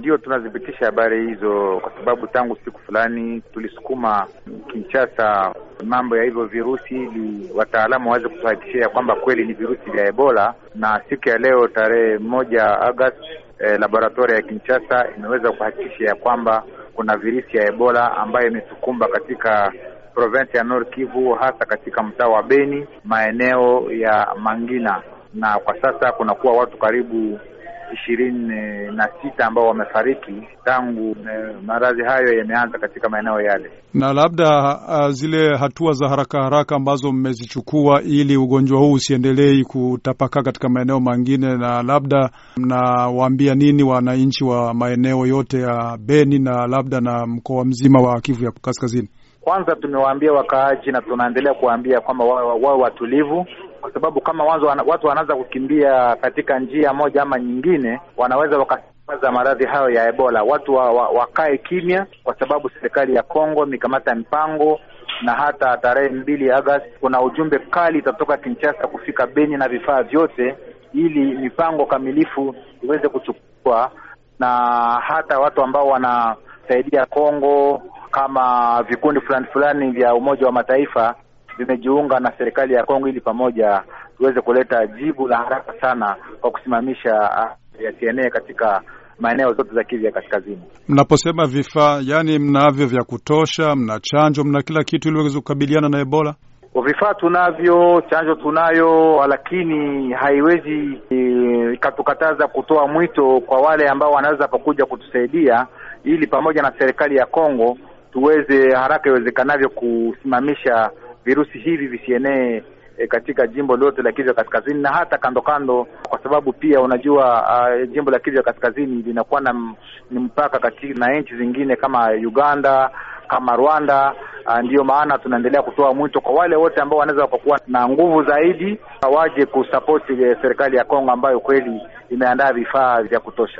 ndio tunathibitisha habari hizo, kwa sababu tangu siku fulani tulisukuma Kinshasa mambo ya hivyo virusi ili wataalamu waweze kutuhakikishia kwamba kweli ni virusi vya Ebola. Na siku ya leo tarehe moja Agosti, eh, laboratoria ya Kinshasa imeweza kuhakikisha ya kwamba kuna virusi ya Ebola ambayo imetukumba katika provensi ya Nord Kivu, hasa katika mtaa wa Beni, maeneo ya Mangina, na kwa sasa kunakuwa watu karibu ishirini na sita ambao wamefariki tangu eh, maradhi hayo yameanza katika maeneo yale. Na labda uh, zile hatua za haraka haraka ambazo mmezichukua ili ugonjwa huu usiendelei kutapakaa katika maeneo mengine, na labda mnawaambia nini wananchi wa maeneo yote ya Beni na labda na mkoa mzima wa Kivu ya Kaskazini? Kwanza tumewaambia wakaaji na tunaendelea kuwaambia kwamba wawe watulivu kwa sababu kama wanzo, watu wanaanza kukimbia katika njia moja ama nyingine, wanaweza wakasambaza maradhi hayo ya Ebola. Watu wa, wa, wakae kimya, kwa sababu serikali ya Kongo mikamata mpango na hata tarehe mbili Agosti kuna ujumbe kali itatoka Kinshasa kufika Beni na vifaa vyote, ili mipango kamilifu iweze kuchukua, na hata watu ambao wanasaidia Kongo kama vikundi fulani fulani vya Umoja wa Mataifa vimejiunga na serikali ya Kongo ili pamoja tuweze kuleta jibu la haraka sana kwa kusimamisha uh, yasienee katika maeneo zote za Kivu ya kaskazini. Mnaposema vifaa, yani mnavyo vya kutosha, mna chanjo, mna kila kitu ili uweze kukabiliana na Ebola? Vifaa tunavyo, chanjo tunayo, lakini haiwezi ikatukataza eh, kutoa mwito kwa wale ambao wanaweza pakuja kutusaidia ili pamoja na serikali ya Kongo tuweze haraka iwezekanavyo kusimamisha virusi hivi visienee E, katika jimbo lote la Kivu Kaskazini na hata kando kando, kwa sababu pia unajua uh, jimbo la Kivu Kaskazini linakuwa na ni mpaka kati na nchi zingine kama Uganda kama Rwanda. Uh, ah, ndiyo maana tunaendelea kutoa mwito kwa wale wote ambao wanaweza wakakuwa na nguvu zaidi waje kusapoti eh, serikali ya Kongo ambayo kweli imeandaa vifaa vya kutosha.